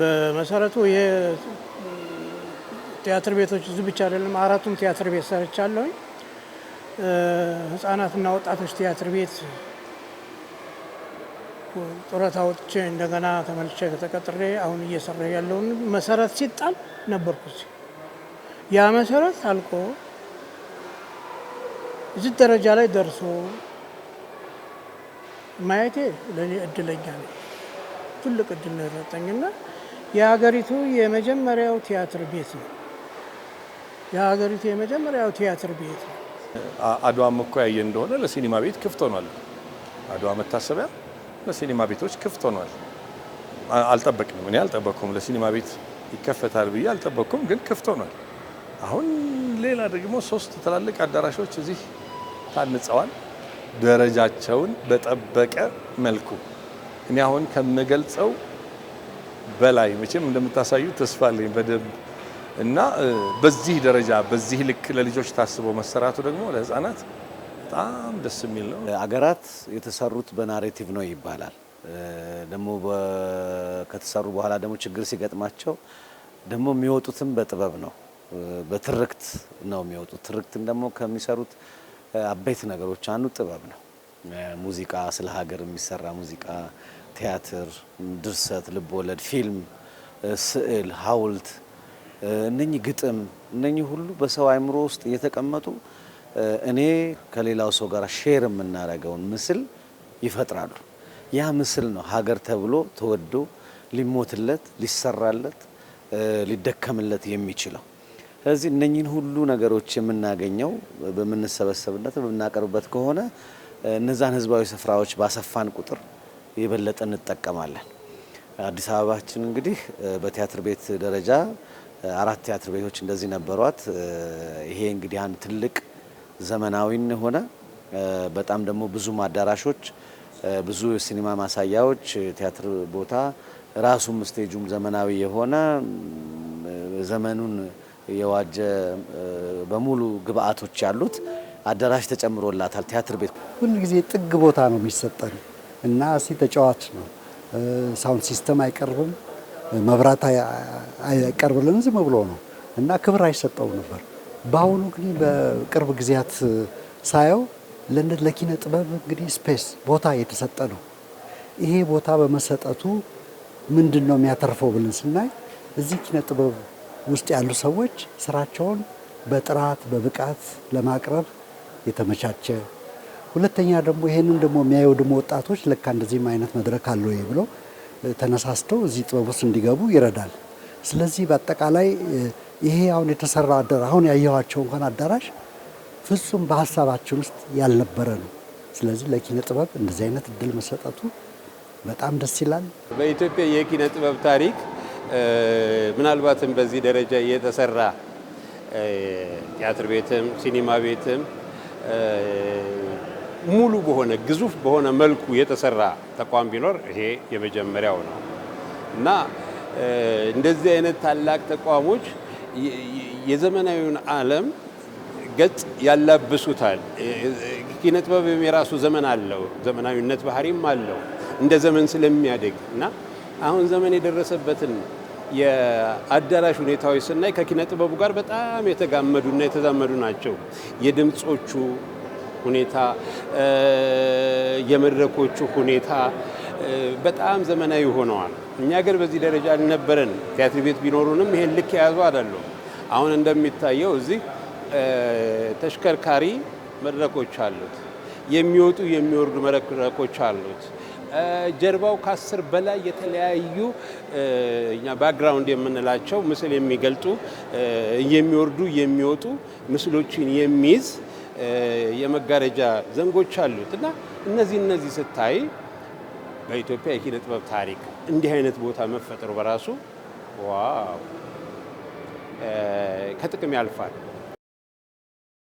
በመሰረቱ ይሄ ቲያትር ቤቶች እዚህ ብቻ አይደለም፣ አራቱም ቲያትር ቤት ሰርቻለሁ። ህጻናትና ወጣቶች ቲያትር ቤት ጡረታ ወጥቼ እንደገና ተመልቼ ተቀጥሬ አሁን እየሰራ ያለውን መሰረት ሲጣል ነበርኩ። ያ መሰረት አልቆ እዚህ ደረጃ ላይ ደርሶ ማየቴ ለእኔ እድለኛ ነው፣ ትልቅ እድል ነው የሰጠኝና የሀገሪቱ የመጀመሪያው ቲያትር ቤት ነው። የሀገሪቱ የመጀመሪያው ቲያትር ቤት ነው። አድዋም እኮ ያየ እንደሆነ ለሲኒማ ቤት ክፍት ሆኗል። አድዋ መታሰቢያ ለሲኒማ ቤቶች ክፍት ሆኗል። አልጠበቅንም፣ እኔ አልጠበቅኩም። ለሲኒማ ቤት ይከፈታል ብዬ አልጠበቅኩም፣ ግን ክፍት ሆኗል። አሁን ሌላ ደግሞ ሶስት ትላልቅ አዳራሾች እዚህ ታንጸዋል፣ ደረጃቸውን በጠበቀ መልኩ እኔ አሁን ከምገልጸው በላይ መቼም እንደምታሳዩ ተስፋ አለኝ በደንብ እና በዚህ ደረጃ በዚህ ልክ ለልጆች ታስቦ መሰራቱ ደግሞ ለህፃናት በጣም ደስ የሚል ነው። አገራት የተሰሩት በናሬቲቭ ነው ይባላል። ደግሞ ከተሰሩ በኋላ ደግሞ ችግር ሲገጥማቸው ደግሞ የሚወጡትም በጥበብ ነው፣ በትርክት ነው የሚወጡት። ትርክትን ደግሞ ከሚሰሩት አበይት ነገሮች አንዱ ጥበብ ነው። ሙዚቃ፣ ስለ ሀገር የሚሰራ ሙዚቃ፣ ቲያትር፣ ድርሰት፣ ልብወለድ፣ ፊልም፣ ስዕል፣ ሀውልት እነኚህ ግጥም እነኚህ ሁሉ በሰው አይምሮ ውስጥ እየተቀመጡ እኔ ከሌላው ሰው ጋር ሼር የምናደርገውን ምስል ይፈጥራሉ። ያ ምስል ነው ሀገር ተብሎ ተወዶ ሊሞትለት፣ ሊሰራለት፣ ሊደከምለት የሚችለው። ስለዚህ እነኚህን ሁሉ ነገሮች የምናገኘው በምንሰበሰብነት በምናቀርብበት ከሆነ እነዛን ህዝባዊ ስፍራዎች ባሰፋን ቁጥር የበለጠ እንጠቀማለን። አዲስ አበባችን እንግዲህ በቲያትር ቤት ደረጃ አራት ቲያትር ቤቶች እንደዚህ ነበሯት። ይሄ እንግዲህ አንድ ትልቅ ዘመናዊን ሆነ በጣም ደግሞ ብዙ አዳራሾች፣ ብዙ የሲኒማ ማሳያዎች፣ ቲያትር ቦታ ራሱም ስቴጁም ዘመናዊ የሆነ ዘመኑን የዋጀ በሙሉ ግብአቶች ያሉት አዳራሽ ተጨምሮላታል። ቲያትር ቤት ሁሉ ጊዜ ጥግ ቦታ ነው የሚሰጠን እና ሲ ተጫዋች ነው። ሳውንድ ሲስተም አይቀርብም፣ መብራት አይቀርብልን፣ ዝም ብሎ ነው እና ክብር አይሰጠው ነበር። በአሁኑ ግን በቅርብ ጊዜያት ሳየው ለኪነ ጥበብ እንግዲህ ስፔስ ቦታ የተሰጠ ነው። ይሄ ቦታ በመሰጠቱ ምንድን ነው የሚያተርፈው ብለን ስናይ እዚህ ኪነ ጥበብ ውስጥ ያሉ ሰዎች ስራቸውን በጥራት በብቃት ለማቅረብ የተመቻቸ ሁለተኛ ደግሞ ይሄንን ደግሞ የሚያየው ደግሞ ወጣቶች ለካ እንደዚህም አይነት መድረክ አለው ብለው ተነሳስተው እዚህ ጥበብ ውስጥ እንዲገቡ ይረዳል። ስለዚህ በአጠቃላይ ይሄ አሁን የተሰራ አዳራ አሁን ያየኋቸው እንኳን አዳራሽ ፍጹም በሀሳባችን ውስጥ ያልነበረ ነው። ስለዚህ ለኪነ ጥበብ እንደዚህ አይነት እድል መሰጠቱ በጣም ደስ ይላል። በኢትዮጵያ የኪነ ጥበብ ታሪክ ምናልባትም በዚህ ደረጃ የተሰራ ቲያትር ቤትም ሲኒማ ቤትም ሙሉ በሆነ ግዙፍ በሆነ መልኩ የተሰራ ተቋም ቢኖር ይሄ የመጀመሪያው ነው እና እንደዚህ አይነት ታላቅ ተቋሞች የዘመናዊውን ዓለም ገጽ ያላብሱታል። ኪነ ጥበብ የራሱ ዘመን አለው፣ ዘመናዊነት ባህሪም አለው እንደ ዘመን ስለሚያደግ እና አሁን ዘመን የደረሰበትን የአዳራሽ ሁኔታዎች ስናይ ከኪነ ጥበቡ ጋር በጣም የተጋመዱና የተዛመዱ ናቸው። የድምፆቹ ሁኔታ፣ የመድረኮቹ ሁኔታ በጣም ዘመናዊ ሆነዋል። እኛ ሀገር በዚህ ደረጃ አልነበረን። ቲያትር ቤት ቢኖሩንም ይሄን ልክ የያዙ አይደሉም። አሁን እንደሚታየው እዚህ ተሽከርካሪ መድረኮች አሉት። የሚወጡ የሚወርዱ መድረኮች አሉት። ጀርባው ከአስር በላይ የተለያዩ እኛ ባክግራውንድ የምንላቸው ምስል የሚገልጡ የሚወርዱ የሚወጡ ምስሎችን የሚይዝ የመጋረጃ ዘንጎች አሉት እና እነዚህ እነዚህ ስታይ በኢትዮጵያ የኪነ ጥበብ ታሪክ እንዲህ አይነት ቦታ መፈጠሩ በራሱ ዋው ከጥቅም ያልፋል።